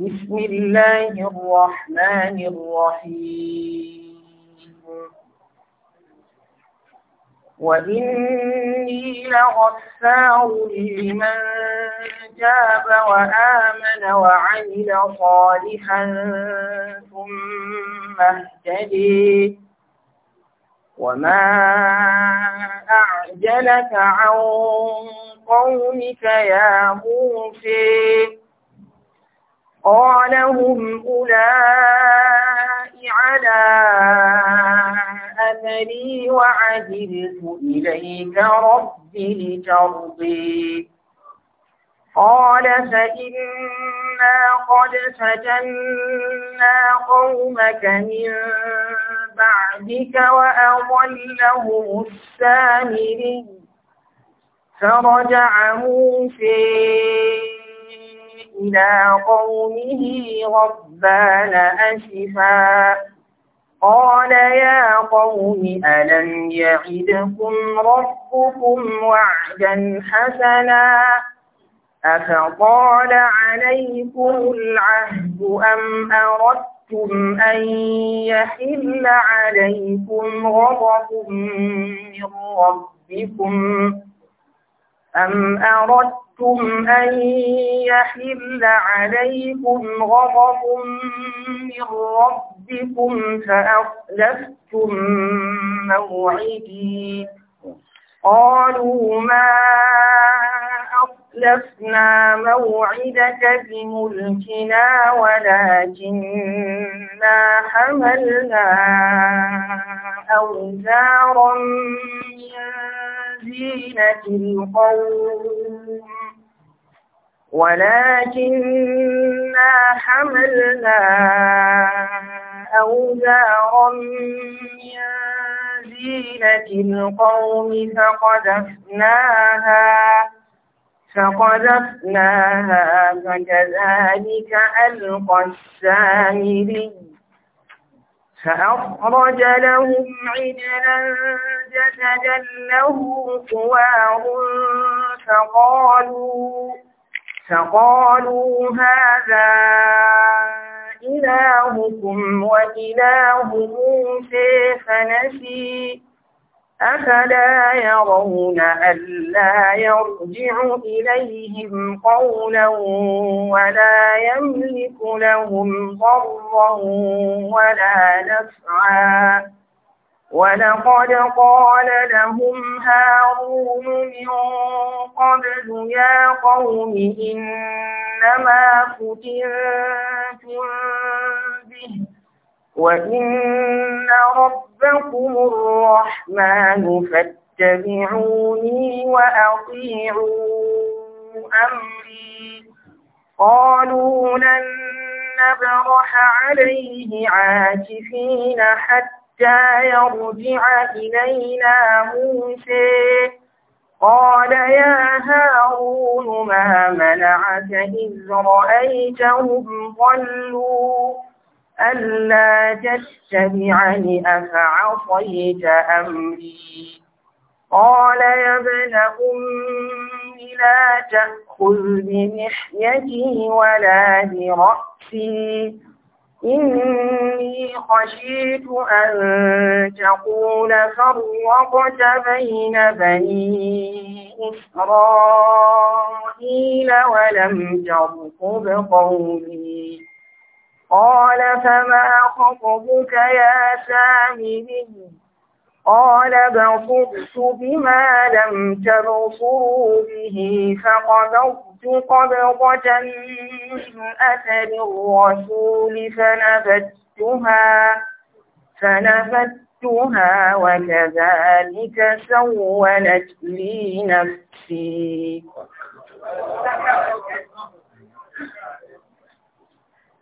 بسم الله الرحمن الرحيم وإني لغفار لمن تاب وآمن وعمل صالحا ثم اهتدي وما أعجلك عن قومك يا موسى قال هم أولاء على أمري وعجلت إليك ربي لترضي قال فإنا قد فتنا قومك من بعدك وأضلهم السامري فرجع موسي إلى قومه ربان أسفا قال يا قوم ألم يعدكم ربكم وعدا حسنا أفطال عليكم العهد أم أردتم أن يحل عليكم غضب من ربكم أم أردتم أن يحل عليكم غضب من ربكم فأخلفتم موعدي قالوا ما أخلفنا موعدك بملكنا ولكننا حملنا أوزارا من زينة القوم ولكننا حملنا أوزارا من زينة القوم فقدفناها فقدفناها فكذلك ألقى السامري فأخرج لهم عجلا جسدا له خوار فقالوا فقالوا هذا إلهكم وإله موسى فنسي أفلا يرون ألا يرجع إليهم قولا ولا يملك لهم ضرا ولا نفعا ولقد قال لهم هارون من قبل يا قوم إنما فتنتم به وإن ربكم الرحمن فاتبعوني وأطيعوا أمري قالوا لن نبرح عليه عاكفين حتى يرجع إلينا موسى قال يا هارون ما منعك إذ رأيتهم ضلوا ألا تتبعني أفعصيت أمري قال يا ابن أم لا تأخذ بمحيتي ولا برأسي إني خشيت أن تقول فرقت بين بني إسرائيل ولم ترقب قولي قال فما خطبك يا سامري قال بصرت بما لم تبصروا به فقبضت قبضة من أثر الرسول فنفدتها فنبتها وكذلك سولت لي نفسي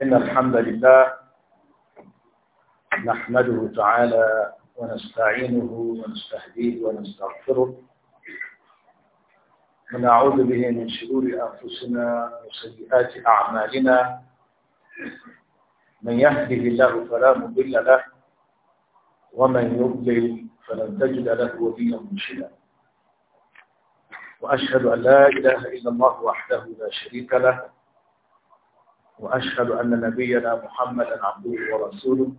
إن الحمد لله نحمده تعالى ونستعينه ونستهديه ونستغفره ونعوذ به من شرور أنفسنا وسيئات أعمالنا من يهده الله فلا مضل له ومن يضلل فلن تجد له وليا مرشدا وأشهد أن لا إله إلا الله وحده لا شريك له وأشهد أن نبينا محمدا عبده ورسوله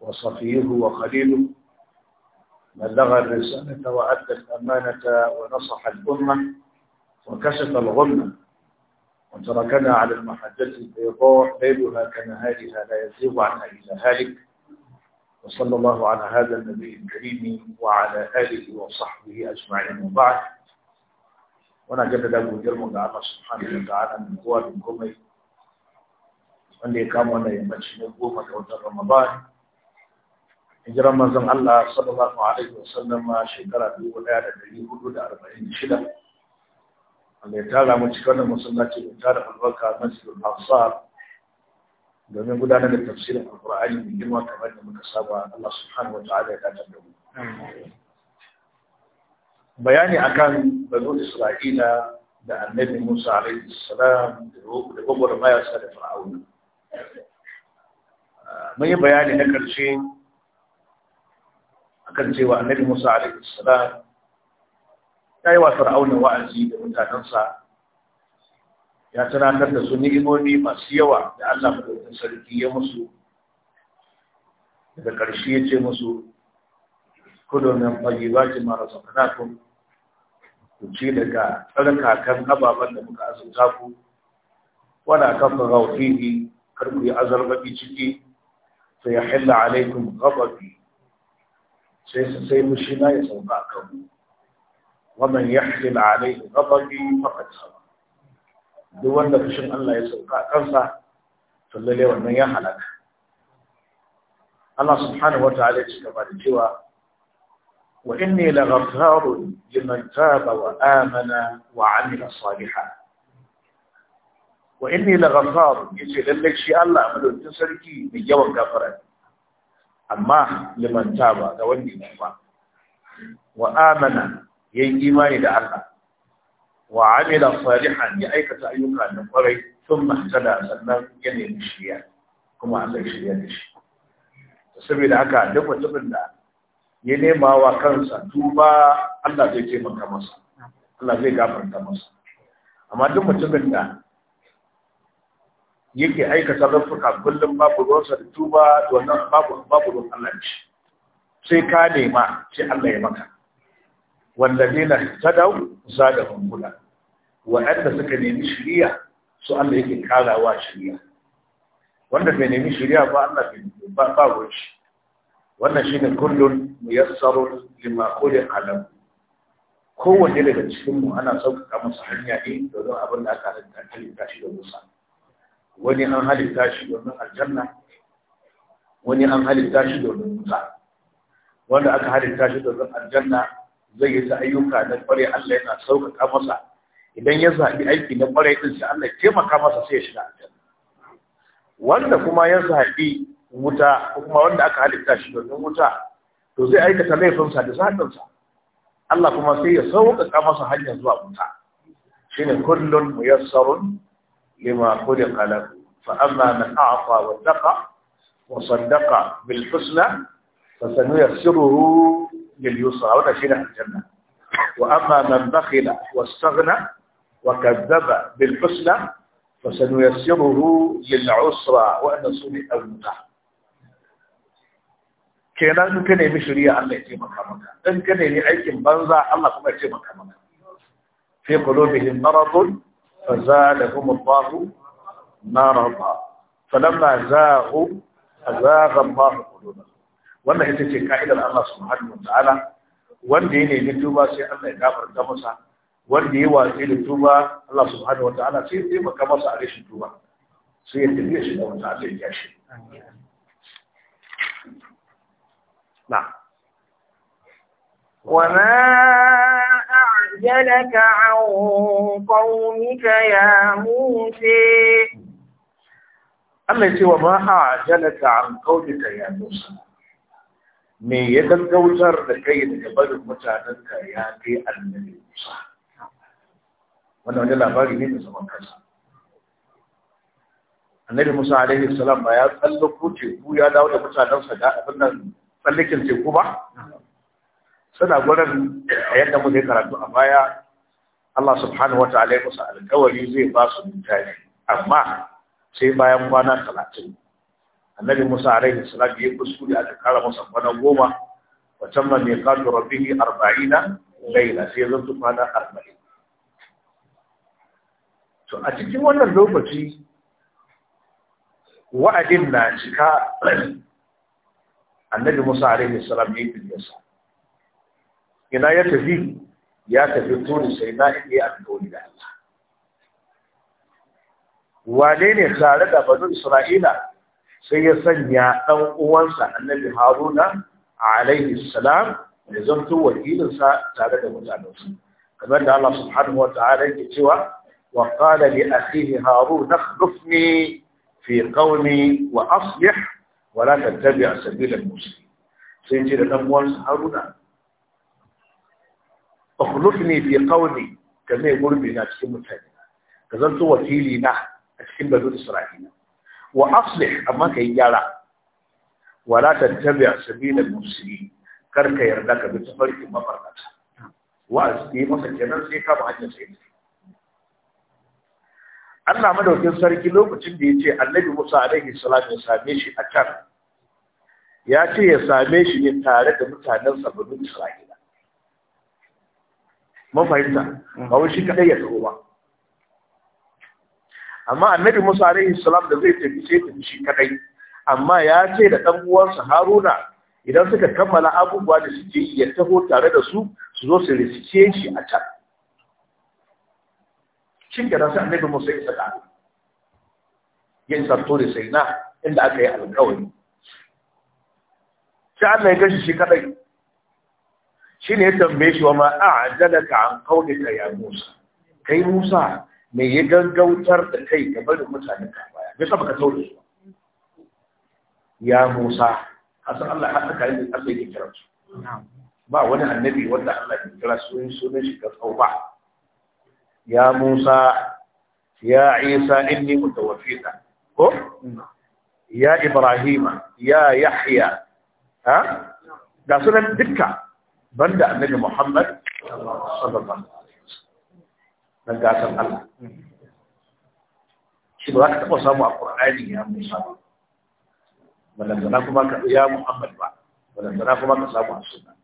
وصفيه وخليله بلغ الرسالة وأدى الأمانة ونصح الأمة وكشف الغمة وتركنا على المحجة البيضاء ليلها كنهارها لا يزيغ عنها إلا هالك وصلى الله على هذا النبي الكريم وعلى آله وصحبه أجمعين وبعد ونجد له جرم الله سبحانه وتعالى من قوى من قومي wanda ya kama wannan yammaci na goma da watan Ramadan hijiran manzon Allah sallallahu alaihi wasallam shekara 1446 wanda ya tara mu cikin wannan masallaci da tara albarka masjidul Ansar domin gudanar da tafsirin Alqur'ani mai girma kamar da muka saba Allah subhanahu wataala ya dace da mu bayani akan bazo Isra'ila da annabi Musa alaihi salam da sa da fir'auna mun yi bayani na ƙarshe akan cewa annabi Musa alaihi ya yi wa Fir'auna wa'azi da mutanensa ya tunatar da su ni'imomi masu yawa da Allah madaukakin sarki ya musu daga ƙarshe ya ce musu kudu min tayyibati ma razaqnakum ku ci daga tsarkakan ababen da muka azuta ku wala kafara fihi kar ku yi azarbaɗi ciki sai ya hilla alaikum ghadabi sai sai mushina ya sauka a kanku waman yahlil alaihi ghadabi faqad sawa duk wanda fushin Allah ya sauka a kansa to lalle wannan ya halaka Allah subhanahu wataala ya ci gaba da cewa wa inni laghaffarun liman taba wa amana wa amila salihan wa inni la ghaffar yace lalle shi Allah madaukakin sarki mai yawan gafara amma liman taba ga wanda ya tuba wa amana yayi imani da Allah wa amila salihan ya aikata ayyuka da kwarai thumma tada sannan ya nemi shiya kuma Allah shiriya da shi saboda haka duk mutumin da ya nema wa kansa tuba Allah zai taimaka masa Allah zai gafarta masa amma duk mutumin da yake aikata laifuka kullum babu ruwansa da tuba to wannan babu babu ruwan Allah ce sai ka nema sai Allah ya maka wallazina tadaw da huda Waɗanda suka nemi shiriya su Allah yake karawa shiriya wanda bai nemi shiriya ba Allah bai ba ba shi wannan shine kullun muyassarun lima khuliqa lahu kowanne daga cikin mu ana sauƙaƙa masa hanya ne domin abin da aka halitta shi da Musa wani an halitta shi domin aljanna wani an halitta shi domin wuta wanda aka halitta shi domin aljanna zai yi ta ayyuka na kware Allah yana sauƙaƙa masa idan ya zaɓi aiki na kware din sai Allah taimaka masa sai ya shiga aljanna wanda kuma ya zaɓi wuta kuma wanda aka halitta shi domin wuta to zai aikata laifinsa da zaɓinsa Allah kuma sai ya sauƙaƙa masa hanyar zuwa wuta shine kullun muyassarun لما خلق له فأما من أعطى واتقى وصدق بالحسنى فسنيسره لليسرى ونشينا في الجنة وأما من بخل واستغنى وكذب بالحسنى فسنيسره للعسرى ونسول أولاد كنا ممكن أن يمشي الله يتيم مكانك إن كان أن يعيش الله كما يتيم مكانك في قلوبهم مرض فزادهم الله نارا فلما زاغوا أزاغ الله قلوبهم wannan ita ce ka'idar Allah subhanahu wa ta'ala wanda ya nemi tuba sai Allah ya gafarta masa wanda ya watsi da tuba Allah subhanahu wa ta'ala sai ya taimaka masa a rashin tuba sai ya tafiya shi da wata Allah ya shi na وما أعجلك عن قومك يا موسى Allah ya ce wa ma ajalaka an qaulika ya Musa me ya gaggautar da kai daga barin mutanenka ya kai annabi Musa wannan wani labari ne da zaman kansa annabi Musa Alayhi Salaam, ba ya tsallako teku ya dawo da mutanensa da abin nan tsallakin teku ba suna gwada a yadda muka yi karatu a baya Allah subhanahu wa ta'ala ya musa alƙawari zai ba su mutane amma sai bayan kwana talatin annabi musa alaihi salam ya kuskure aka kara masa kwana goma ma mai kato rabbihi arba'ina laila sai zan tu kwana arba'in. to a cikin wannan lokaci wa'adin na cika annabi musa alaihi salam ya yi sa ina ya tafi ya tafi tuni sai na inda ya alƙawari da Allah wane ne tare da banu Isra'ila sai ya sanya ɗan uwansa annabi Haruna alaihi salam da zanto wakilinsa tare da mutanensu kamar da Allah subhanahu wa ta'ala yake cewa wa qala li akhihi Harun akhlifni fi qawmi wa aslih wa la tattabi' sabila al-mufsidin sai ce da ɗan uwansa Haruna akhlufni fi qawli ka mai gurbi na cikin mutane ka zanto wakili na a cikin banu isra'ila wa aslih amma kai gyara wala tattabi sabila mufsidin kar ka yarda ka bi tafarkin mafarkata Wa yi masa kenan sai ka ba hanyar sai Allah madaukin sarki lokacin da ya ce annabi Musa alaihi salatu ya same shi a can ya ce ya same shi ne tare da mutanen sabbin Isra'ila mun ba wai shi kaɗai ya tsoro ba amma annabi Musa alaihi salam da zai tafi sai tafi shi kaɗai. amma ya ce da ɗan uwansa Haruna idan suka kammala abubuwa da suke yi ya taho tare da su su zo su rikice shi a can shin da sai annabi Musa ya saka yin sarto da sai na inda aka yi alƙawari sai Allah ya gashi shi kaɗai. shi ne ya tambaye shi wa ma'a a jalaka an ka ya musa kai musa me ya gaggautar da kai ga barin mutane ka baya me saba ka taure su ya musa asan Allah har aka yi asa ya kira su ba wani annabi wanda Allah ya kira sunan sunan shi ka tsau ba ya musa ya isa inni mutawaffika ko ya ibrahima ya yahya ha da sunan dukkan banda annabi Muhammad sallallahu alaihi wasallam Allah shi ba za ka taɓa samu a ƙur'ani ya Musa ba balantana kuma ka ya Muhammad ba balantana kuma ka samu a sunna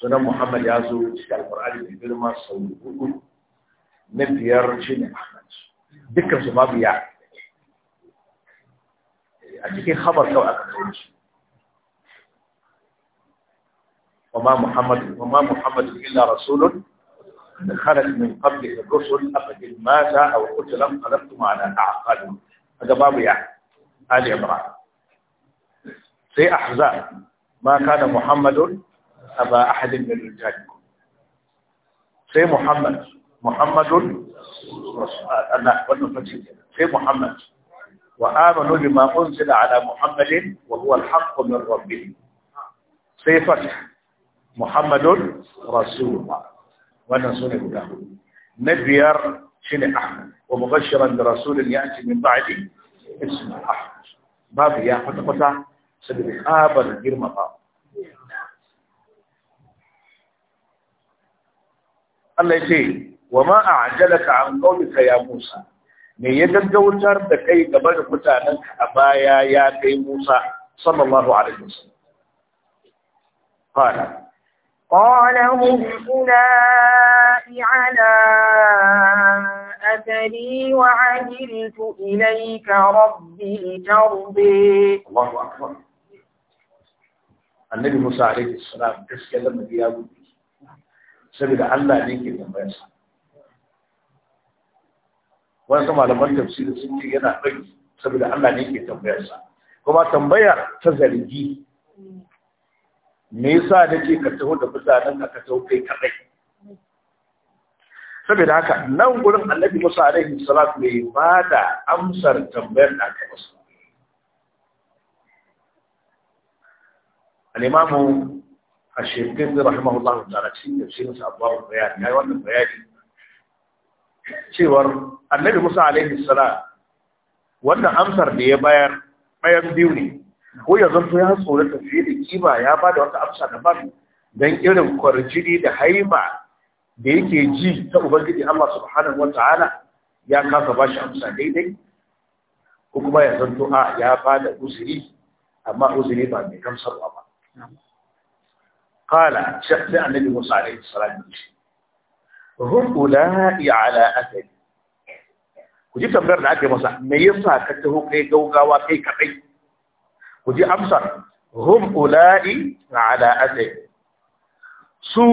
sunan Muhammad ya zo cikin alƙur'ani da girma sau hudu na biyar shi ne Ahmad dukkan su babu ya a cikin habar kawai aka kawo shi وما محمد وما محمد إلا رسول خرج من قبله الرسل أفإن مات أو قتل انقلبتم على أعقابكم هذا باب يعني آل عمران في أحزاب ما كان محمد أبا أحد من رجالكم في محمد محمد الله في محمد وآمنوا بما أنزل على محمد وهو الحق من ربهم في فتح Muhammadun Rasulullah wannan sune guda na biyar shi shine Ahmad wa mubashiran da rasulun ya ce min ba'di ismu Ahmad babu ya kwata kwata saboda girma ba. Allah ya ce wa ma a a'jalaka an qawlika ya Musa me ya gaggautar da kai gaba da mutanenka a baya ya kai Musa sallallahu alaihi wasallam qala قال هم أولئي على أثري وعجلت إليك ربي لترضي الله أكبر النبي موسى عليه السلام قس يا ولدي سبيل الله عليك يا موسى وانا كما لم تفسير سنتي يا ابوي سبيل الله عليك يا موسى كما تنبيه تزلجي me yasa nake ka taho da mutanen ka ka taho kai kadai saboda haka nan gurin annabi Musa alaihi salatu wa ba da amsar tambayar da aka masa al-imam ash-shaykhin rahimahullah ta'ala cikin tafsirin sa abu bayani yayi wannan bayani cewar annabi Musa alaihi salam wannan amsar da ya bayar bayan biyu ne ko ya zanto ya tsorata fiye da kima ya ba da wata amsa daban don irin kwarjini da haima da yake ji ta ubangiji Allah subhanahu wata'ala ya kasa ba shi amsa daidai ko kuma ya zanto a ya ba da uzuri amma uzuri ba mai gamsarwa ba kala شخص النبي موسى عليه الصلاة والسلام هم ula'i ala أثري ku ji tambayar da ake masa me yasa ka taho kai gaugawa kai kadai ku ji amsar hum ula'i ala asai su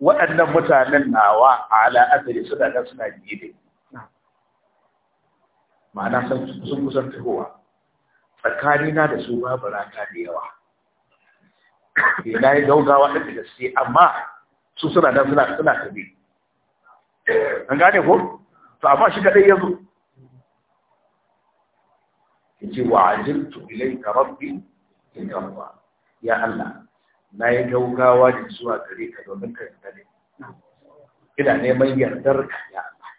waɗannan mutanen nawa ala asai suna nan suna gide ma'ana sun kusan tahowa tsakanina da su babu rata da yawa eh, na yi gaugawa ɗin da gaske amma su suna nan suna suna tabi an gane ko to amma shi kaɗai ya zo yace wa ajirtu ilayka rabbi in rabba ya Allah na yi gaugawa da zuwa gare ka domin ka yarda ina neman yardar ka ya Allah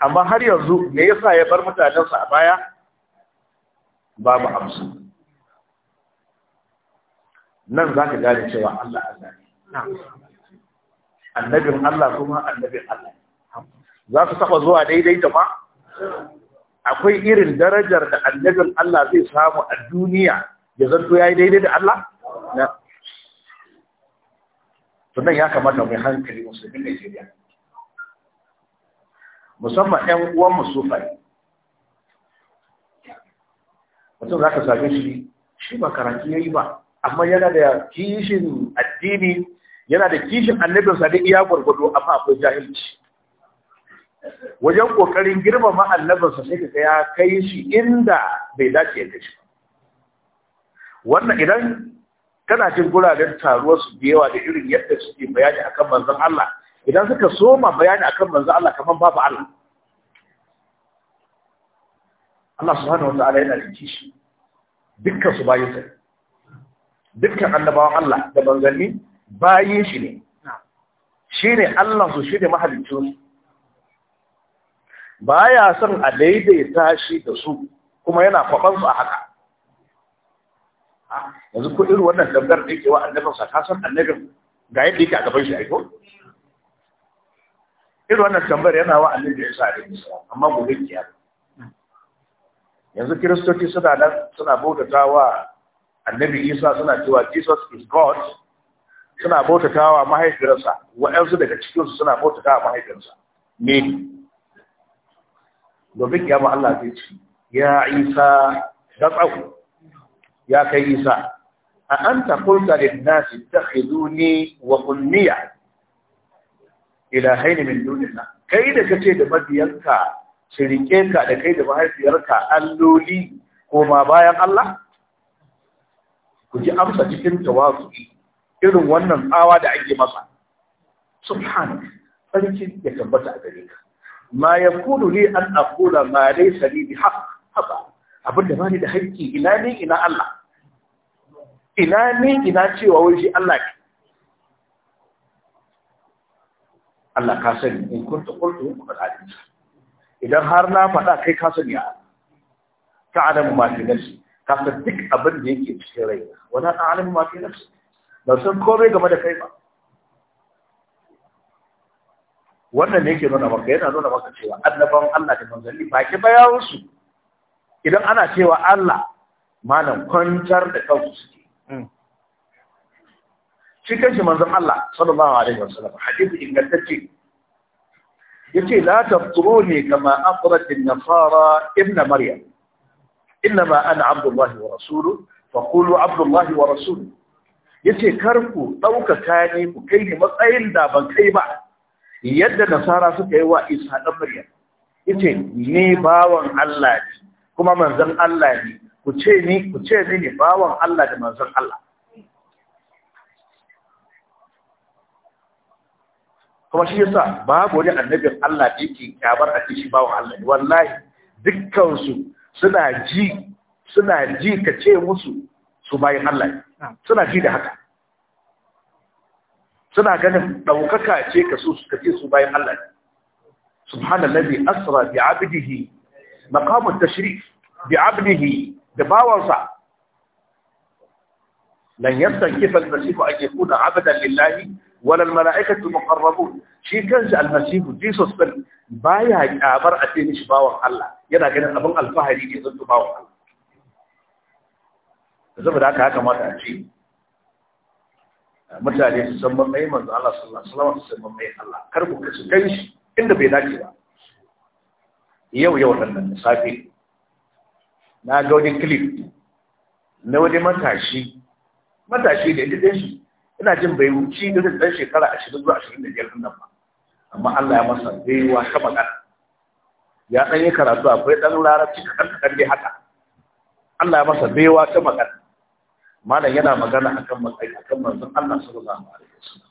amma har yanzu me yasa ya bar mutanensa a baya babu amsu nan za ka gane cewa Allah Allah ne annabin Allah kuma annabin Allah za su taba zuwa daidai da ma akwai irin darajar da annabin Allah zai samu a duniya ya zanto ya yi daidai da Allah? Tunan ya kamata mai hankali musulmin Najeriya. Musamman ‘yan uwan musufai. Mutum za ka same shi, shi ba ya yi ba, amma yana da kishin addini, yana da kishin annabinsa da iya gwargwado, amma akwai jahilci. wajen kokarin girmama annabinsa sai ka ya kai shi inda bai dace ya kai shi wannan idan kana jin guraren taruwar su da yawa da irin yadda suke bayani akan manzon Allah idan suka soma bayani akan manzon Allah kaman babu Allah Allah subhanahu wa ta'ala yana rinci shi dukkan su bayin sa dukkan annabawan Allah da manzanni bayin shi ne shine Allah su shine mahaliccin su Ba ya son a daidaita shi da su kuma yana kwaban su a haka yanzu ko irin wannan dangar da yake wa annabin sa kasan annabin ga yadda yake a gaban shi aiko irin wannan tambayar yana wa annabi sa alaihi salam amma gobe kiya yanzu kiristoci suna nan suna bautata wa annabi Isa suna cewa Jesus is God suna bautata wa mahaifiyarsa wa'ansu daga cikinsu suna bautata wa mahaifiyarsa me gobe kiyama Allah zai ci ya Isa da tsawo. ya kai Isa a anta qulta lin nas ittakhiduni wa ummiya ilahayn min dunillah kai da kace da mabiyanka shirike ka da kai da mahaifiyarka alloli ko ma bayan Allah ku ji amsa cikin tawazu'i irin wannan tsawa da ake masa subhanak sarki ya tabbata a gare ka ma yakunu li an aqula ma laysa li bihaq haba abinda bani da haƙƙi ina ne ina Allah ina ne ina cewa wai shi Allah ke Allah ka sani in kunta qultu faqad alimta idan har na faɗa kai ka sani ta'lamu ma fi nafsi ka san duk abin da yake cikin rai wala ta'lamu ma fi nafsi ba san komai game da kai ba wannan ne ke nuna maka yana nuna maka cewa annaban Allah da manzanni ba ki bayawansu idan ana cewa Allah malam kwantar da kansu suke hmm. shi kanshi manzon Allah sallallahu alaihi wasallam hadisi ingantacce yace la tafturuni kama aqrat an-nasara ibn maryam inma ana abdullahi wa rasuluhu faqulu abdullahi wa rasuluhu yace karku dauka kane ku kai ni matsayin da ban kai ba yadda nasara suka yi wa isa ɗan maryam ita ni bawan Allah ne kuma manzon Allah ne ku ce ni ku ce ni ne bawan Allah da manzon Allah kuma shi yasa babu wani annabin Allah da yake kyabar a shi bawan Allah ne wallahi dukkan su suna ji suna ji ka ce musu su bayan Allah ne suna ji da haka suna ganin ɗaukaka ce ka so su bayan Allah subhanallazi asra bi abdihi maqamut tashrif bi abdihi da bawansa lan yastankifa al masihu an yakuna abdan lillahi wala al-mala'ikatu muqarrabun shi kansa al masihu Jesus din baya kabar a cikin shi bawan Allah yana ganin abin alfahari ne zan bawan Allah saboda haka haka mata a ce mutane su san mamaye manzo Allah sallallahu alaihi wasallam su san mamaye Allah kar ku kace kai shi inda bai dace ba yau yau nan nan safi na ga wani clip na wani matashi matashi da yadda shi ina jin bai wuci da dan shekara 20 zuwa 25 nan ba amma Allah ya masa baiwa ta magana ya dan yi karatu akwai dan larabci kadan kadan dai haka Allah ya masa baiwa ta magana malam yana magana akan matsayi akan manzon Allah sallallahu alaihi wasallam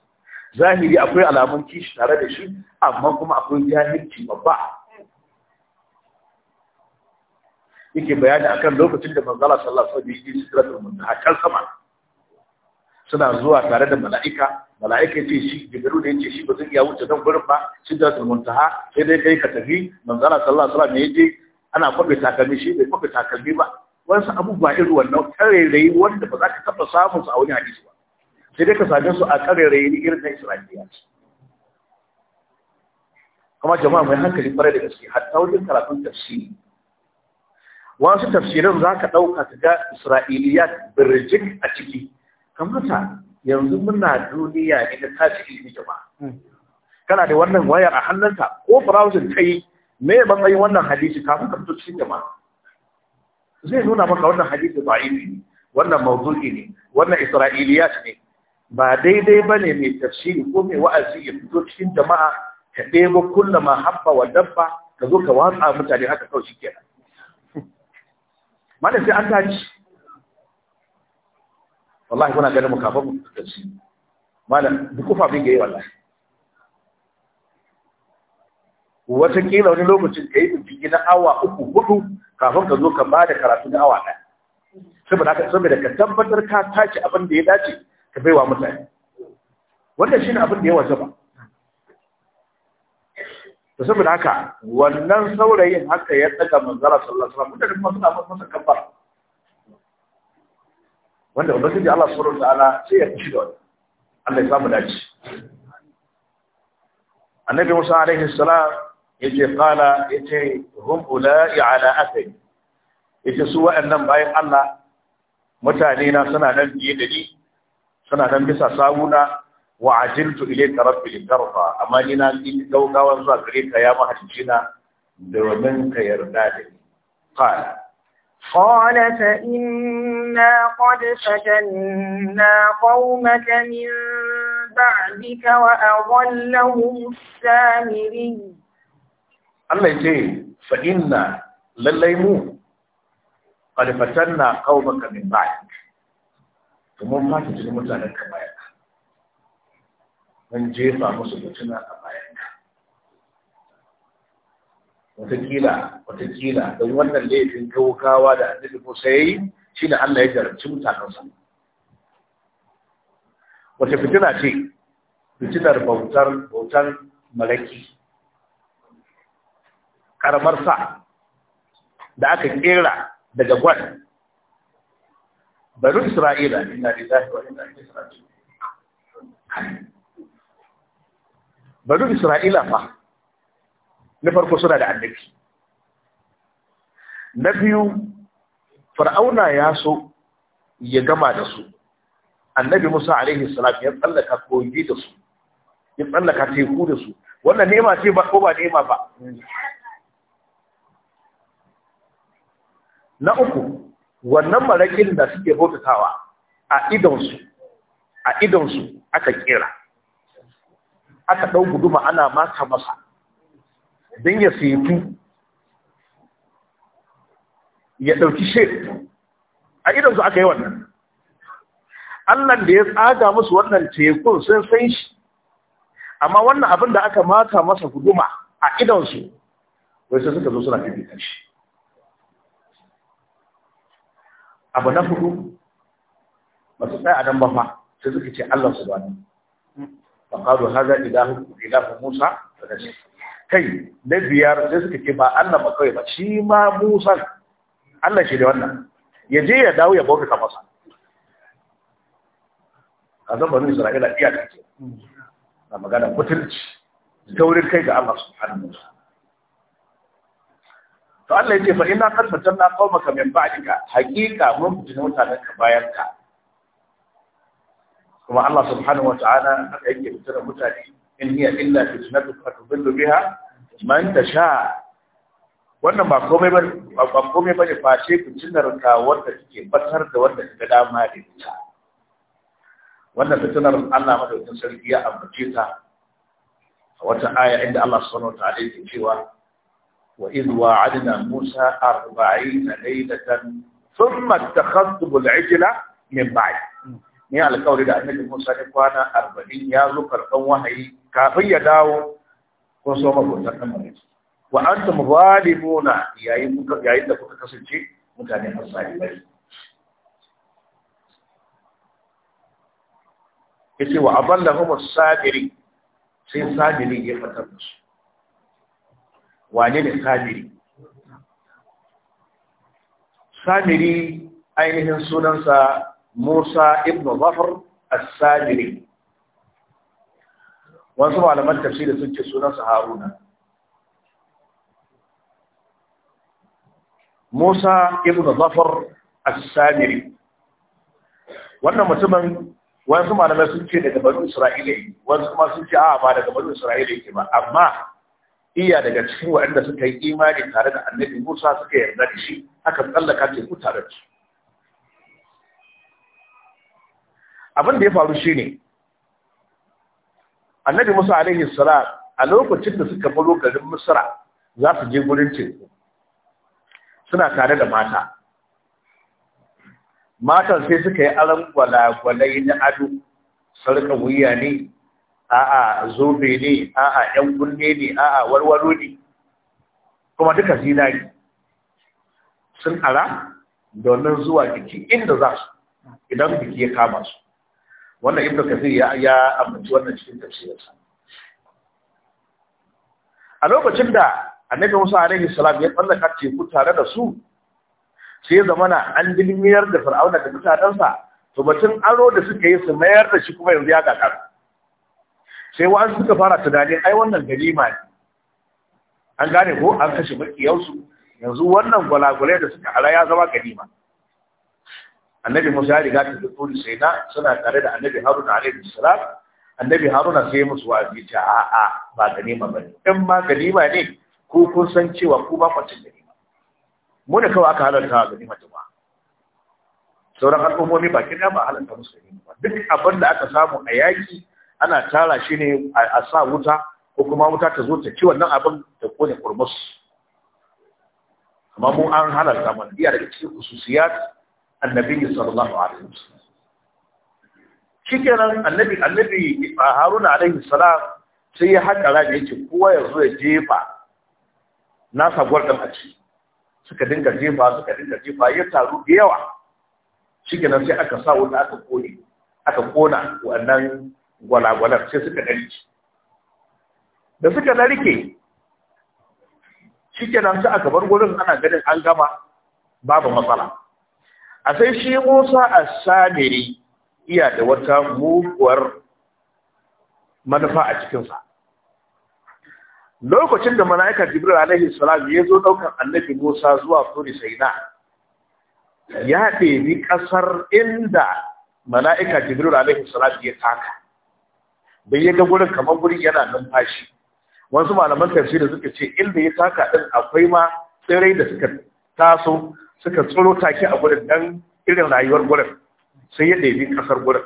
zahiri akwai alamun kishi tare da shi amma kuma akwai jahilci babba yake bayani akan lokacin da manzala sallallahu alaihi wasallam yake sidratul a kan sama suna zuwa tare da mala'ika mala'ika ya ce shi jibiru da ya ce shi ba zai iya wuce don gurin ba sidratul muntaha sai dai kai ka tafi manzala sallallahu alaihi wasallam yake ana kwabe takalmi shi bai kwabe takalmi ba wasu abubuwa irin wannan karerayi wanda ba za ka taba samun su a wani hadisi ba sai dai ka same su a karerayi ne irin na isra'iliya kuma jama'a mai hankali kwarai da gaske hatta wajen karatun tafsiri wasu tafsirin za ka ɗauka ka ga isra'iliya birjin a ciki kamata yanzu muna duniya ne da tashi ilimi jama'a hmm. kana da wannan wayar a hannunka ko browsing kai me matsayin wannan hadisi kafin ka fito cikin jama'a zai nuna maka wannan hadisi da'ifi ne wannan mawdu'i ne wannan isra'iliyat ne ba daidai bane mai tafsiri ko mai wa'azi ya fito cikin jama'a ka ɗebo ma habba wa dabba ka zo ka watsa mutane haka kawai shi kenan mana sai an tashi wallahi kuna ganin mu kafin mu tafsiri malam duk kufa bin gaye wallahi watakila wani lokacin ka yi bincike na awa uku hudu kafin ka zo ka ba da karatu na awa ɗaya saboda ka tabbatar ka tace abin da ya dace ka bai wa mutane wannan ne abin da ya waje ba to saboda haka wannan saurayin haka ya tsaka manzara sallallahu alaihi wasallam mutane kuma suna masa kabbar wanda ubangiji Allah subhanahu ta'ala sai ya kishi da wani Allah ya samu dace annabi Musa alaihi salam yace qala yace hum ulai ala asri yace su wa'annan bayan Allah mutane na suna nan biye da ni suna nan bisa sabuna wa ajiltu ilayka rabbi litarda amma ni na yi gaugawa zuwa gare ka ya mahalicci na domin ka yarda da ni qala قال فإنا قد فتنا قومك من بعدك وأضلهم السامرين Allah ya ce fa inna lallai mu qad fatanna qaumaka min ba'd to mun fata jini mutanen ka bayan mun jefa musu mutuna a bayan ka wataƙila don wannan laifin kawukawa da annabi Musa ya yi shi ne Allah ya jarabci mutanensa wata fitina ce fitinar bautar bautar malaki karamar sa da aka kera daga gwal banu isra'ila inna lillahi wa inna ilaihi raji'un banu isra'ila fa na farko suna da annabi na biyu fir'auna ya so ya gama da su annabi musa alaihi salatu ya tsallaka kogi da su ya tsallaka teku da su wannan nema ce ba ko ba nema ba na uku wannan marakin da suke bautatawa a idonsu a idonsu aka kera aka ɗau guduma ana mata masa don ya setu ya ɗauki shaidu a idonsu aka yi wannan Allan da ya tsaga musu wannan tekun sun san shi amma wannan abin da aka mata masa guduma a idonsu wai sai suka zo suna fifita shi abu na hudu ba su tsaya a nan ba fa sai suka ce Allah su bani fa qalu hadha ilahu Musa fa nasi kai na biyar sai suka ce ba Allah ba kawai ba shi ma Musa Allah shi da wannan ya je ya dawo ya bauta masa a zan bani Isra'ila iya ce na magana mutunci taurin kai ga Allah subhanahu wa ta'ala to Allah ya ce fa inna qad fatanna qaumaka min ba'dika haqiqa mun fitina mutanen ka bayan ka kuma Allah subhanahu wa ta'ala aka yake fitar mutane in hiya illa fitnatu fa tudillu biha man tasha wannan ba komai ba ba komai bane face fitinar ka wanda take batar da wanda take dama da ita wannan fitinar Allah madaukakin sarki ya ambace ta a wata aya inda Allah subhanahu wa ta'ala yake cewa وإذ وعدنا موسى أربعين ليلة ثم اتخذتم العجلة من بعد ni alƙawari da annabi Musa ya kwana arba'in ya zo karɓan wahayi kafin ya dawo kun so mabotan ɗan mai wa antum zalimuna yayin kuka yayin da kuka kasance mutane azzalimi yace wa aballahum as-sabiri sai sabiri ya fatar da su wane ne samiri samiri ainihin sunansa musa ibn zafar as-samiri wasu malaman tafsiri sun ce sunansa haruna musa ibn zafar as-samiri wannan mutumin wasu malamai sun ce daga bari isra'ila wasu kuma sun ce a ba daga bari isra'ila yake ba amma iya daga cikin waɗanda suka yi imani tare da annabi Musa suka yarda da shi aka tsallaka teku tare da su abin da ya faru shi shine annabi Musa alaihi salam a lokacin da suka baro garin Misra za su je gurin teku suna tare da mata matan sai suka yi aron gwalagwalai na ado sarka wuya ne a'a zobe ne a'a ɗan kunne ne a'a warwaro ne kuma duka zinari sun ara domin zuwa jiki inda za su idan jiki ya kama su wannan ibn kathir ya ya amince wannan cikin tafsirinsa a lokacin da annabi Musa alaihi salam ya tsallaka teku tare da su sai ya zamana an dilmiyar da fir'auna da mutanensa to batun aro da suka yi su mayar da shi kuma yanzu ya gagara sai an suka fara tunanin ai wannan ganima ne an gane ko an kashe makiyarsu yanzu wannan gwalagwalai da suka ala ya zama ganima annabi musa ya riga ta tsori sai na suna tare da annabi haruna alaihi salam annabi haruna sai musu wa'azi ta a'a ba ganima ne in ma galima ne ko kun san cewa ku ba kwacin ganima mu da kawai aka halarta ta ba. sauran al'ummomi bakin ya ba halarta musu ganima ba duk abin da aka samu a yaki ana tara shi ne a sa wuta ko kuma wuta ta zo ta ci wannan abin da kone kurmus amma mu an halarta mana iya daga cikin khususiyat annabi sallallahu alaihi wasallam shikenan annabi annabi haruna alaihi salam sai ya haƙa da yake kowa ya zo ya jefa nasa gwardan a ci suka dinga jefa suka dinga jefa ya taru da yawa shikenan sai aka sa wuta aka kone aka kona wannan gwalagwalar sai suka narke da suka narke shi kenan sai aka bar gurin ana ganin an gama babu matsala a sai shi musa a samiri iya da wata muguwar manufa a cikinsa lokacin da mala'ikar jibril alaihi salam ya zo daukar annabi musa zuwa turi saina ya ɗebi ƙasar inda mala'ika jibril alaihi salam ya taka bai ga gurin kamar gurin yana numfashi wasu malaman tafsiri suka ce inda ya taka din akwai ma tsirai da suka taso suka tsoro take a gurin dan irin rayuwar gurin sai ya ɗebi ƙasar gurin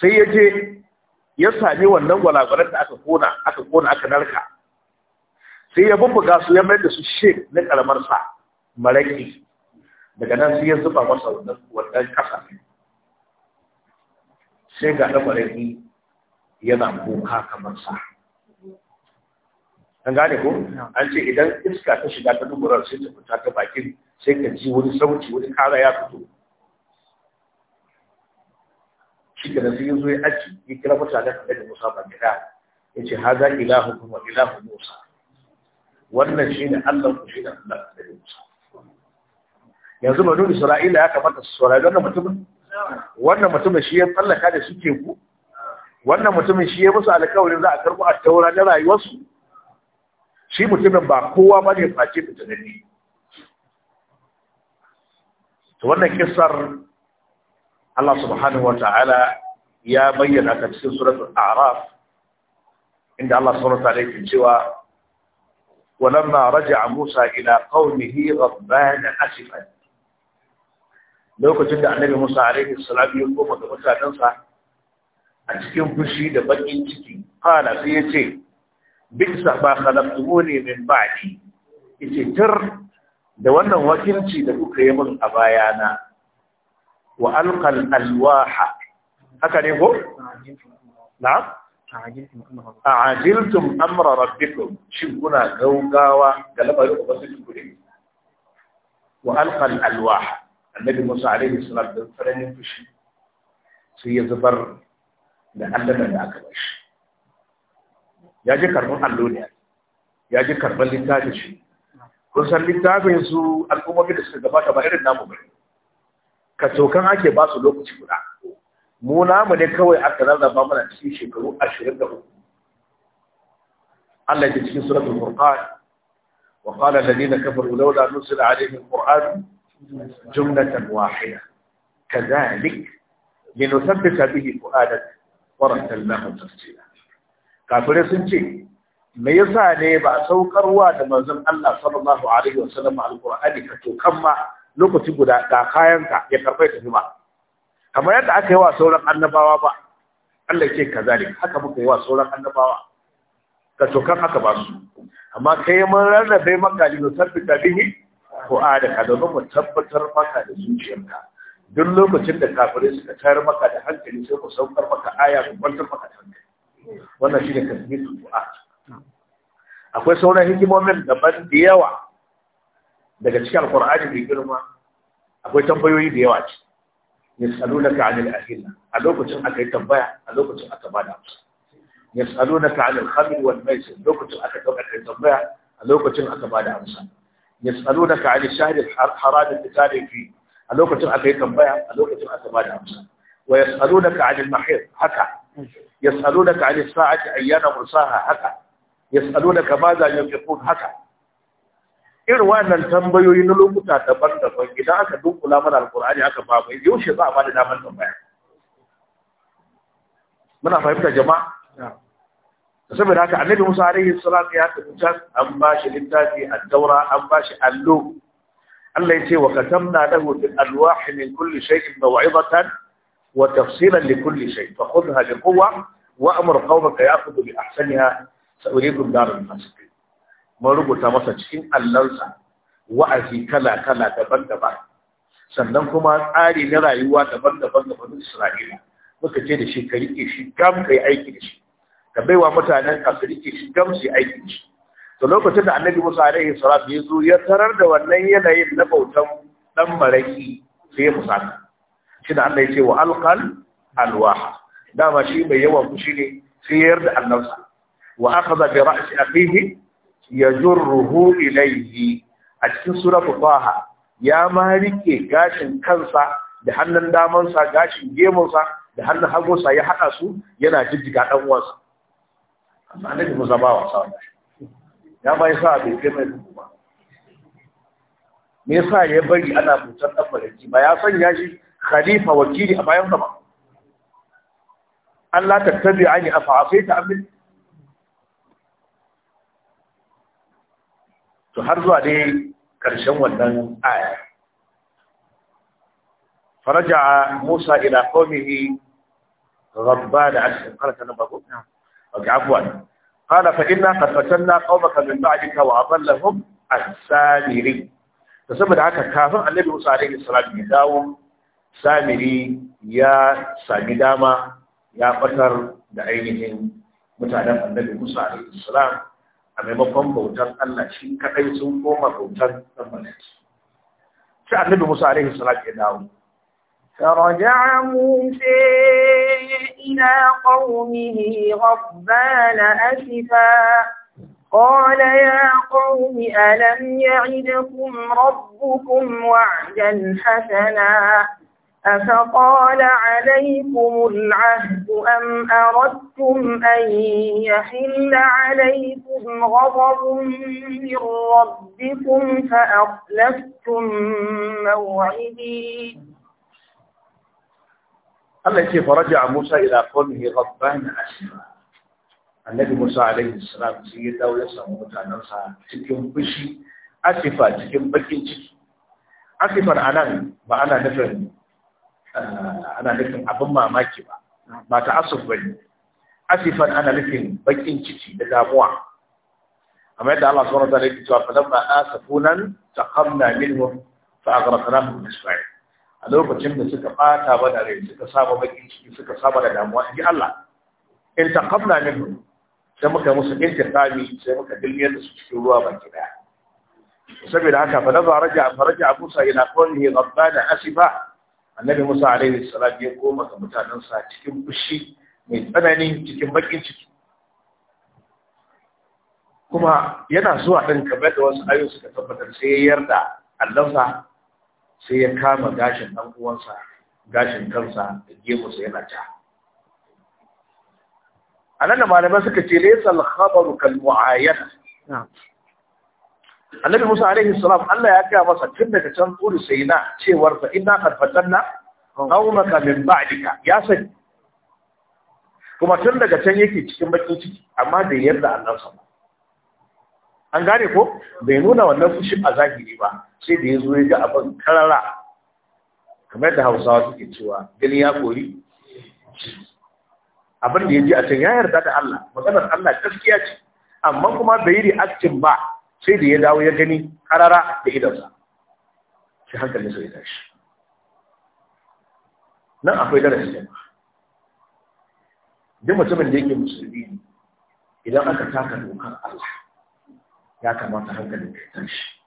sai ya je ya sami wannan gwalagwalar da aka kona aka kona aka narka sai ya bubbuga su ya mayar da su shek na karamar sa maraki daga nan sai ya zuba masa wannan wannan ƙasa sai ga ɗakwararri yana kuka kamar sa an gane ko an ce idan iska ta shiga ta duburar sai ta fita ta bakin sai ka ji wani sauci wani kara ya fito shi da sai yin zuwa aji ya kira mutanen da Musa ba gida yace haza ilahukum wa ilahu Musa wannan shine Allah ku ne Allah da Musa yanzu nuna Isra'ila ya kamata su saurari wannan mutumin wannan mutumin shi ya tsallaka da suke ku. wannan mutumin shi ya musu alkawarin za a karɓi a taura na rayuwarsu shi mutumin ba kowa ba ne face fitinanni to wannan kissar Allah subhanahu wata'ala ya bayyana ta cikin suratul a'raf inda Allah subhanahu wata'ala yake cewa ولما رجع موسى إلى قومه غضبان أسفا lokacin da annabi musa alaihi salatu ya koma ga mutanensa a cikin fushi da bakin ciki fara sai ya ce bisa ba khalaqtumuni min ba'di yace tir da wannan wakilci da kuka yi min a bayana wa alqal alwaha haka ne ko na'am a'ajiltum amra rabbikum shin kuna gaugawa ga lamarin ubangiji ku ne wa alqal alwaha annabi musa alaihi salam da tsananin fushi sai ya zubar da allanan da aka bashi ya ji karɓar allo ne ya ji karɓar littafi shi kun san littafin su al'ummomi da suka gabata ba irin namu bane ka tokan ake ba su lokaci guda mu namu ne kawai aka rarraba mana cikin shekaru ashirin da uku Allah ya cikin suratul furqan wa qala alladhina kafaru lawla nusila alaihim alquran جملة واحدة كذلك لنثبت به فؤادك ورتلناه تفصيلا kafirai sun ce me yasa ne ba a saukarwa da manzon Allah sallallahu alaihi wasallam alqur'ani ka to kan ma lokaci guda da kayanka ya karbai tafi ba kamar yadda aka yi wa sauran annabawa ba Allah ce kazalik haka muka yi wa sauran annabawa ka to kan aka ba amma kai mun rarrabe maka lino sabbita bihi fu'adaka domin mu tabbatar maka da zuciyarka duk lokacin da kafirai suka tayar maka da hankali sai mu saukar maka aya ku kwantar maka da hankali wannan shi ne tasbitul fu'ad akwai sauran hikimomin daban da yawa daga cikin alqur'ani mai girma akwai tambayoyi da yawa ce yasalunaka anil ahilla a lokacin aka yi tambaya a lokacin aka bada amsa yasalunaka anil khamr wal maisir lokacin aka tambaya a lokacin aka bada amsa yas'alunaka 'ani ash-shahr al-haram al-qital fi a lokacin aka yi tambaya a lokacin aka ba da amsa wa yas'alunaka 'ani al-mahir haka yas'alunaka 'ani as-sa'ati ayyana mursaha haka yas'alunaka madha yunfiqun haka irin wannan tambayoyi na lokuta daban-daban idan aka dunkula mana al alkur'ani aka ba mai yau yaushe za a ba da damar tambaya muna fahimta jama'a saboda haka annabi Musa alaihi salam ya tabbata an ba shi littafi ad-daura an ba shi allo Allah ya ce wa katamna lahu bil alwah min kulli shay'in maw'izatan wa tafsilan li kulli shay fa khudha bi quwwa wa amur qawmaka ya'khudhu bi ahsaniha sa'urikum daral fasiqin mun rubuta masa cikin allansa wa'azi kala kala daban-daban sannan kuma tsari na rayuwa daban-daban da Isra'ila muka ce da shi ka rike shi kam kai aiki da shi ka baiwa mutanen ka su aikin shi gamshi aiki shi to lokacin da annabi musa alaihi salatu ya zo ya tarar da wannan yanayin na bautan dan maraki sai ya fusata shi da Allah ya ce wa alqal alwaha dama shi mai yawan fushi ne sai ya yarda annabsa wa akhadha bi ra'si akhihi yajruhu ilayhi a cikin suratul taha ya ma rike gashin kansa da hannun damansa gashin gemunsa da hannun hagunsa ya haɗa su yana jijjiga ɗan uwansa amma annabi musa ba wasa ya ma yasa bai kai kuma ba me yasa ya bari ana mutar dan baraki ba ya sanya shi khalifa wakili a bayan ba Allah tattabi ani afa ta amin to har zuwa dai karshen wannan aya faraja musa ila qaumihi rabbana asfara kana babu عفوا قال فإنا قد فتنا قومك من بعدك وأضلهم السامري تسمى haka kafin annabi Musa alaihi salam ya dawo samiri ya sami dama ya ɓatar da ainihin mutanen annabi Musa alaihi salam a maimakon bautar Allah shi kadai sun koma bautar dan malaki sai annabi Musa alaihi salam ya dawo فرجع موسى إلى قومه غضبان أسفا قال يا قوم ألم يعدكم ربكم وعدا حسنا أفقال عليكم العهد أم أردتم أن يحل عليكم غضب من ربكم فأخلفتم موعدي Allah yake faraja Musa ila qawmihi rabban asfa annabi Musa alayhi salam sai ya dawo ya samu mutanansa cikin fushi asifa cikin bakin ciki asifar anan ba ana nufin eh, ana nufin abin mamaki ba ba ta asuf bane asifan ana nufin bakin ciki da damuwa amma yadda Allah subhanahu wa ta'ala ce fa lamma asafunan taqamna minhum fa aghraqnahum bisfa'i a lokacin da suka bata da rai suka saba bakin ciki suka saba da damuwa in ji Allah in taqabna minhum sai muka musu intiqami sai muka dilmiyar da su cikin ruwa baki daya saboda haka fa nazara raja fa raja Musa ila qawlihi rabbana asifa annabi Musa alaihi salam ya koma ga mutanen sa cikin fushi mai tsanani cikin bakin ciki kuma yana zuwa din kamar da wasu ayoyi suka tabbatar sai ya yarda Allah sai ya kama gashin ɗan uwansa gashin kansa da gemunsa yana ta a nan malamai suka ce laysa al-khabaru kal mu'ayyana annabi Musa alaihi salam Allah ya gaya masa tun daga can turi sai na cewar fa inna qad fatanna qaumaka min ba'dika ya sani kuma tun daga can yake cikin bakin ciki amma da yarda Allah sa an gane ko bai nuna wannan fushin a zahiri ba sai da ya zo ya ga abin karara kamar da hausawa suke cewa gani ya kori abin da ya ji a can ya yarda da Allah maganar Allah gaskiya ce amma kuma bai yi reaction ba sai da ya dawo ya gani karara da idansa shi hankali sai ya tashi nan akwai darasi ne duk mutumin da yake musulmi idan aka taka dokar Allah ya kamata hankalin ya tashi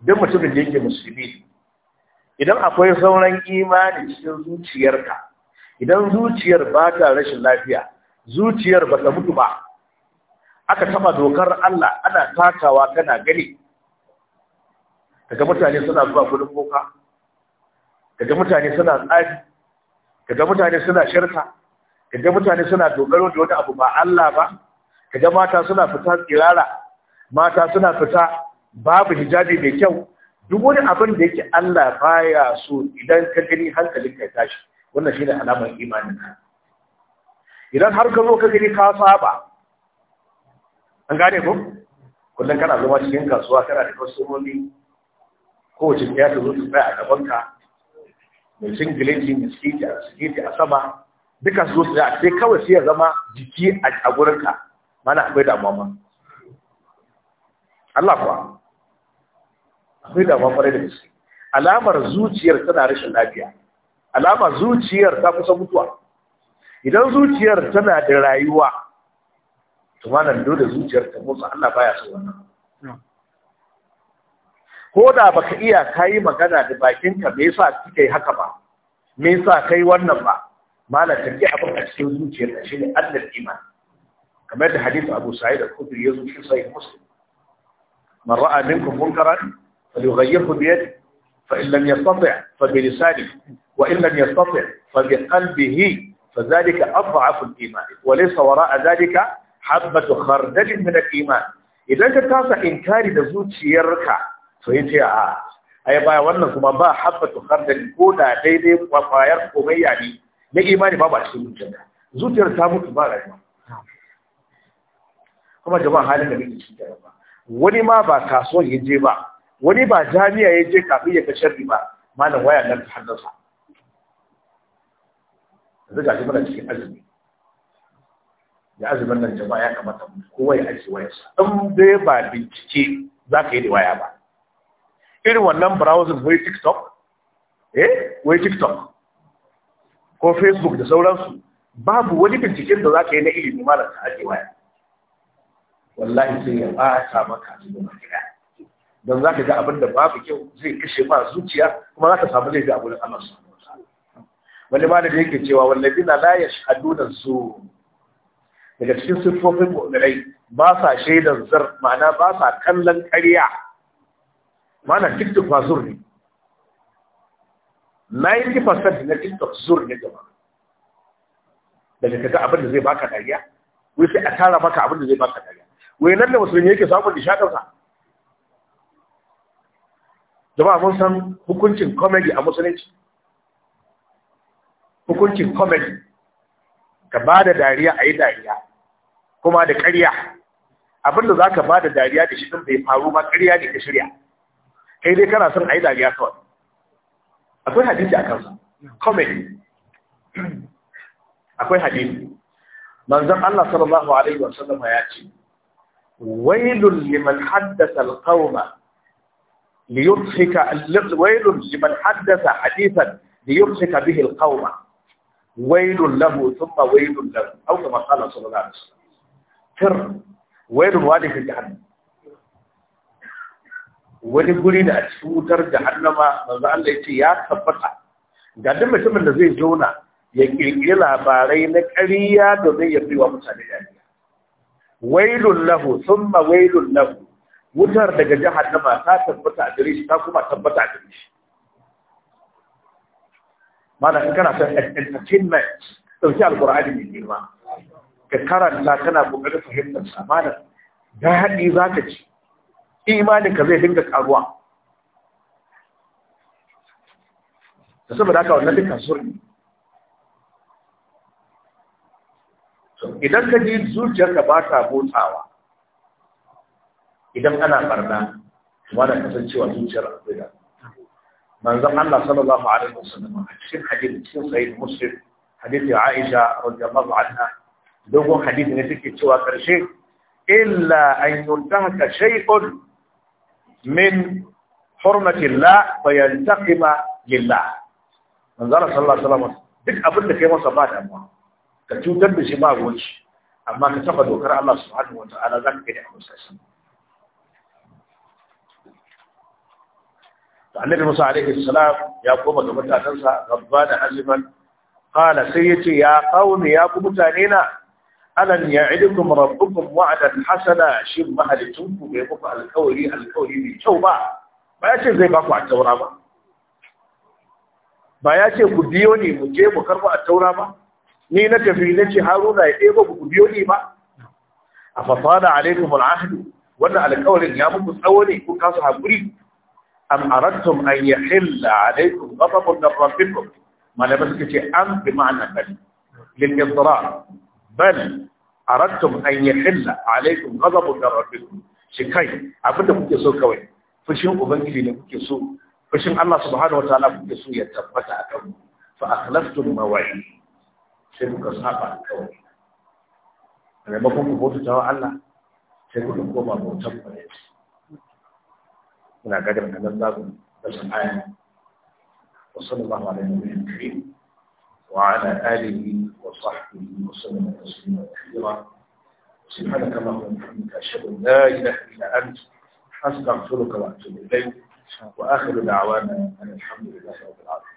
duk mutumin da yake musulmi idan akwai sauran imani cikin zuciyarka idan zuciyar ba ta rashin lafiya zuciyar ba ta mutu ba aka taba dokar Allah ana takawa kana gani kaga mutane suna zuwa gudun boka kaga mutane suna tsari kaga mutane suna shirka kaga mutane suna dogaro da wani abu ba Allah ba kaga mata suna fita tsirara mata suna fita babu hijabi mai kyau duk wani abin da yake Allah baya so idan ka gani hankalin ka tashi wannan shine alamar imani ka idan har ka zo ka gani ka saba an gane ko kullun kana zama cikin kasuwa kana da kasuwanni kowace ɗaya ya zo su tsaya a gaban ka mai cin gileji mai a sikiti a sama duka su tsaya sai kawai sai ya zama jiki a gurinka mana akwai damuwa ma Allah kuwa akwai damuwa kwarai da gaske alamar zuciyar tana rashin lafiya alamar zuciyar ta kusa mutuwa idan zuciyar tana da rayuwa to nan dole zuciyar ta mutu Allah baya so wannan ko da baka iya kai magana da bakinka me yasa kike haka ba me yasa kai wannan ba malam ta ki abin a cikin zuciyar ta shine Allah iman kamar da hadisi Abu Sa'id al-Khudri ya zo shi sai Muslim man ra'a minkum munkaran فليغيره بيده فإن لم يستطع فبلسانه وإن لم يستطع فبقلبه فذلك أضعف الإيمان وليس وراء ذلك حبة خردل من الإيمان idan ka kasa inkari da zuciyarka to yi ce a ai baya wannan kuma ba habbatu khardal ko da daidai kwafayar komayya ne na imani ba ba cikin zuciyarka zuciyar ta mutu ba rayuwa kuma jama'a halin da muke ciki ba wani ma ba kasuwar yaje ba wani ba jami'a ya je kafin ya ga sharri ba malam waya nan ta hannunsa yanzu ga shi cikin azumi da azumin nan jama'a ya kamata kowa ya aji wayarsa in dai ba bincike za ka yi da waya ba irin wannan browsing wai tiktok eh wai tiktok ko facebook da sauransu babu wani binciken da za ka yi na ilimi malam ta aji waya wallahi sai ya ta maka zuwa gida don za ka ga abin da babu kyau zai kashe ma zuciya kuma za ka samu laifi a wurin amarsu wani ma da yake cewa wallabi na la ya shahaduna su daga cikin siffofin mu'minai ba sa shaidan zar ma'ana ba sa kallon ƙarya ma'ana tiktok ba zur ne 90% na tiktok zur ne gaba daga kaga abin da zai baka dariya wai sai a tara maka abin da zai baka dariya wai nan da musulmi yake samun nishadansa jama'a mun san hukuncin comedy a musulunci hukuncin comedy ka ba da dariya a yi dariya kuma da ƙarya abinda za ka ba da dariya da shi ɗin bai faru ma ƙarya ne ka shirya kai dai kana son a yi dariya kawai akwai hadisi a kansa comedy akwai hadisi manzan Allah sallallahu alaihi wa sallam ya ce wailul liman haddasa alqauma ليضحك ويل لمن حدث حديثا ليضحك به القوم ويل له ثم ويل له أو كما قال صلى الله عليه وسلم فر ويل وادي في جهنم wani guri da a cikin wutar jahannama manzo Allah ya ce ya tabbata ga duk mutumin da zai zauna ya kirkiri labarai na ƙarya domin ya biwa mutane dariya wailun lahu thumma wailun lahu wutar daga jihar jahannama ta tabbata a gare shi ta kuma tabbata a gare shi mana in kana son entertainment dauki alqur'ani mai girma ka karanta kana ƙoƙarin fahimtar sa mana daɗi za ka ci imanin ka zai dinga ƙaruwa. da saboda haka wannan dukkan surni idan ka ji zuciyarka ba ta motsawa idan ana barna kuma kasancewa zuciyar akwai da manzon Allah sallallahu alaihi wasallam a cikin hadisi cikin sahih muslim hadisi Aisha radiyallahu anha dogon hadisi ne take cewa karshe illa an yuntahaka shay'un min hurmati Allah fa yantaqima lillah manzon Allah sallallahu alaihi wasallam duk abin da kai masa ba damuwa ka cutar da shi ba goci amma ka saba dokar Allah subhanahu wa ta'ala zaka ga da amsa annabi Musa alaihi salam ya koma ga mutanansa da aziman qala sai yace ya qaumi ya ku mutane na alan ya'idukum rabbukum wa'dan hasana shin ku bai muku alkawari alkawari mai kyau ba ba ya ce zai ba ku a taura ba ba ya ce ku biyo ni mu je mu karba a taura ba ni na tafi na ce haruna ya ɗebo ku biyo ni ba a fasada alaikum al'ahdu wannan alkawarin ya muku tsawo ne ku kasu hakuri am aradtum an yahilla alaykum ghadabun min rabbikum malama suka ce am bi ma'ana bal lil idrar bal aradtum an yahilla alaykum ghadabun min rabbikum shi kai abinda kuke so kawai fushin ubangiji ne kuke so fushin Allah subhanahu wataala kuke so ya tabbata a kanku fa akhlaftum mawa'id sai kuka saba kawai maimakon ku bautawa Allah sai kuka koma bautan bayansu ولا قدر من لازم بس وصلى الله على نبينا الكريم وعلى اله وصحبه وسلم تسليما كثيرا سبحانك اللهم وبحمدك اشهد ان لا اله الا انت استغفرك واتوب اليك واخر دعوانا ان الحمد لله رب العالمين